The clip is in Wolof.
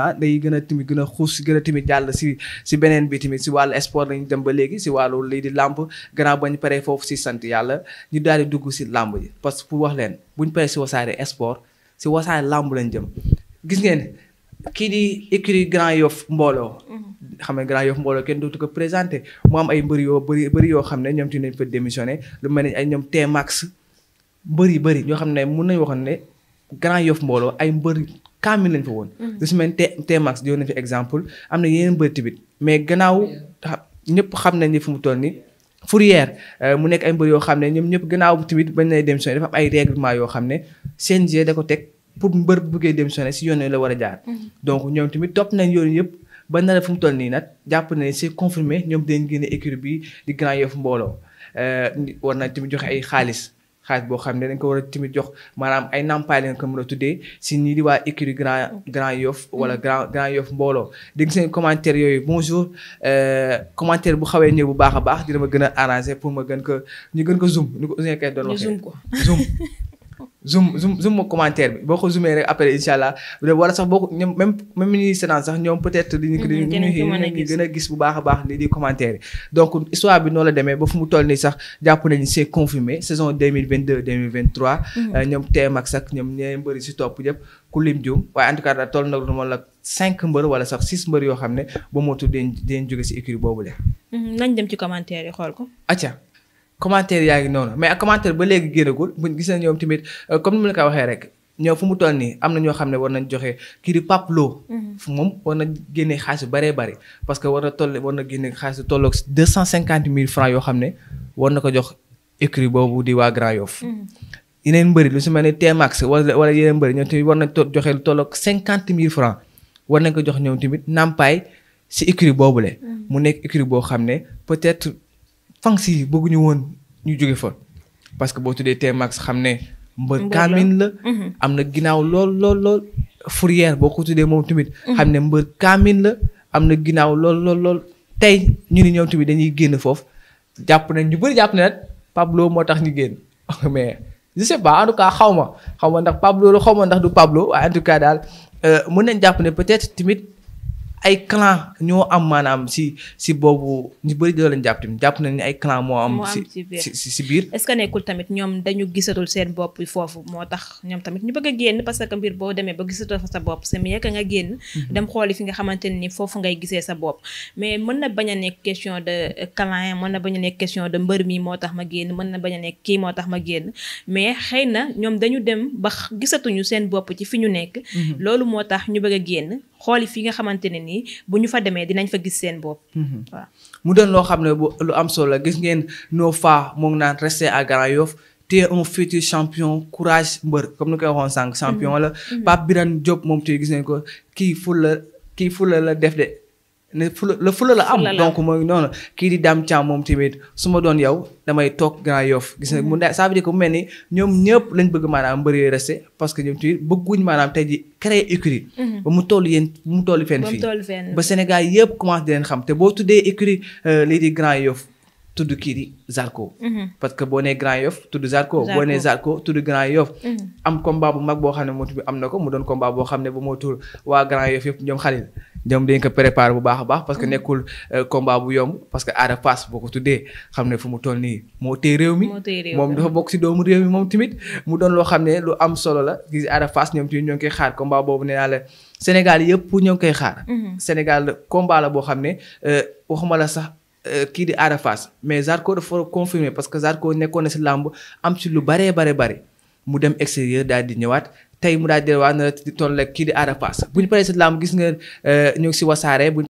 ah day gën a tamit gën a xuus gën a tamit jàll si si beneen bi tamit si wàllu sport lañu dem ba léegi si wàllu lii di làmb gannaaw bañ paree foofu si sant yàlla ñu daal di dugg si làmb ji parce que pour wax leen buñ paree si wasaare sport si wasaare làmb lañ jëm gis ngeen kii di écurie Grand Yoff mbooloo mm-hmm. xam ne Grand Yoff mbooloo kenn dootu ko présenté mu am ay mbër yoo bëri bëri yoo xam ne ñoom ti nañ fa démissionné lu mel ne ay ñoom T-Max mbër yu bëri ñoo xam ne mun nañu waxoon ne Grand Yoff mbooloo ay mbër kaamil lañ fa woon. Mm-hmm. lu si mel te Tmax jox na fi exemple am na yeneen mbër tamit mais gannaaw ñëpp xam ne fu mu toll nii. Fourière euh, mu nekk ay mbër yoo xam ne ñoom ñëpp gannaaw tamit bañ lay démissionné dafa am ay règlement yoo xam ne CNG da ko teg pour mbër bu buggee démissionné si yoon la war a jaar. Mm-hmm. donc ñoom tamit topp nañ yoon yëpp ba nar a fu toll nii nag jàpp nañ c'est confirmé ñoom dañ génne écurie bi di Grand Yoff mbooloo euh, war nañ tamit joxe ay xaalis. xaalis boo xam ne dañ ko war a tamit jox maanaam ay nampaay leen ko mën a tuddee si nii di waa écurie grand grand yoff mm-hmm. wala grand grand yoff mbooloo dégg seen commentaire yooyu boo bonjour euh, commentaire bu xawee ñëw bu baax a baax dina ma gën a arrangé pour ma gën ko ñu gën ko zoom ñu ko usin kay doon ko zoom zoom zoom zoom commentaire bi boo ko zoomee rek après incha allah wala sax boo ko sax ñoom peut être. dañu ñu a gis bu baax a baax lii di commentaire yi. donc histoire bi noonu la demee ba fu mu toll nii sax jàpp nañu c'est confirmé saison 2022 2023. Mhm. Euh, ñoom teem ak sax ñoom ñooy mbëri si topp yëpp ku lim jum waaye en tout cas toll na lu la cinq mbër wala sax six mbër yoo xam ne ba moo tudd dañ dañ jóge si écurie boobu commentaire yaa ngi noonu mais ak commentaire ba léegi génnagul buñ gis na ñoom tamit euh, comme ni mu la ko waxee rek ñoom fu mu toll nii am na ñoo xam ne war nañ joxe kii di Pape Lo mm-hmm. fu moom war na génne xaalis bu bëree bëri parce que war na toll war na génne xaalis bu tolloog deux cent cinquante mille francs yoo xam ne war na ko jox écrit boobu di waa Grand Yoff mm-hmm. yeneen mbëri lu si mel ni Tmax wala wala yeneen mbëri ñoom tamit war nañ joxe lu tolloog cinquante mille francs war nañ ko jox ñoom tamit nampaay si écrit boobule mm-hmm. mu nekk écrit boo xam ne peut-être fans yi bëgguñu woon ñu jóge fa parce que boo tuddee T-Max xam ne. mbër kaamin la mhm. am na ginnaaw lool lool lool. Fourrière boo ko moom tamit. Mhm. xam ne mbër kaamin la am na ginnaaw lool lool lool. tey ñu ni ñoom tamit dañuy génn foofu jàpp nañ ñu bëri jàpp na nag Pablo moo tax ñu génn mais je se pas en tout cas xaw ma xaw ma ndax Pablo la xaw ma ndax du Pablo waaye en tout daal euh, mën nañ jàpp ne peut-être ay clan ñoo am maanaam si si boobu ñu bëri doo leen jàpp tamit jàpp nañ ni moo am si si biir est-ce que nekkul tamit ñoom dañu gisatul seen bopp foofu moo tax ñoom tamit ñu bëgg a génn parce que mbir boo demee ba gisatul fa sa bopp c'est mieux que nga génn mhm. dem xooli fi nga xamante ne ni foofu ngay gisee sa bopp mais mën na bañ a nekk question de clan mën na bañ a nekk question de mbër mi moo tax ma génn mën na bañ a nekk kii moo tax ma génn mais xëy na ñoom dañu dem ba gisatuñu seen bopp ci fi ñu nekk mhm. loolu moo tax ñu bëgg a génn xooli fi nga xamante ne nii bu ñu fa demee dinañ fa gis seen bopp. Mhm. waaw mu doon loo xam ne lu am solo gis ngeen noo faa moo ngi naan resté à Grand Yoff te un futur champion courage mbër comme ni koy waxoon sànq champion mhm. la mhm. Pape Birane Diop moom tey gis nañ ko kii fula kii fula la def de. ne fula la fula la am donc mooy noonu kii di Dame Thiam moom tamit su ma doon yow damay toog Grand Yoff gis nga mu ne ça veut dire mu mel ñoom ñëpp lañ bëgg maanaam mbëri resté parce que ñoom tamit bëgguñ maanaam tey ji créer écurie mhm. ba mu toll yéen ba mu toll fenn fii ba Sénégal yëpp commencé di leen xam te boo tuddee écurie euh, lii di Grand Yoff tudd kii di Zarko mhm. parce que boo nee Grand Yoff tudd Zarko boo nee Zarko tudd Grand Yoff mhm. am combat bu mag boo xam ne moo tudd am na ko mu doon combat boo xam ne ba moo tur waa Grand Yoff yëpp ñoom xalil ñoom dañ ko préparé bu baax a baax parce mm. nekkul euh, combat bu yomb parce que Ada Fass ko tuddee xam ne fu mu toll nii moo téye réew mi moom dafa bokk si doomu réew mi moom tamit mu doon loo xam ne lu am solo la gis Ada Fass ñoom tamit ñoo ngi koy xaar combat boobu nee naa la Sénégal mm-hmm. la boo xam ne euh, waxuma la sax euh, kii di Ada mais Zarko dafa confirmé parce que Zarko nekkoon si làmb am si lu baree bare bare mu dem extérieur daal di ñëwaat tey mu daal di delluwaat na la ci di toll rek kii di Ada Fass bu ñu paree si làmb gis nga euh, ñoo si wasaare bu